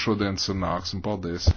šodienas sanāksmi. Paldies!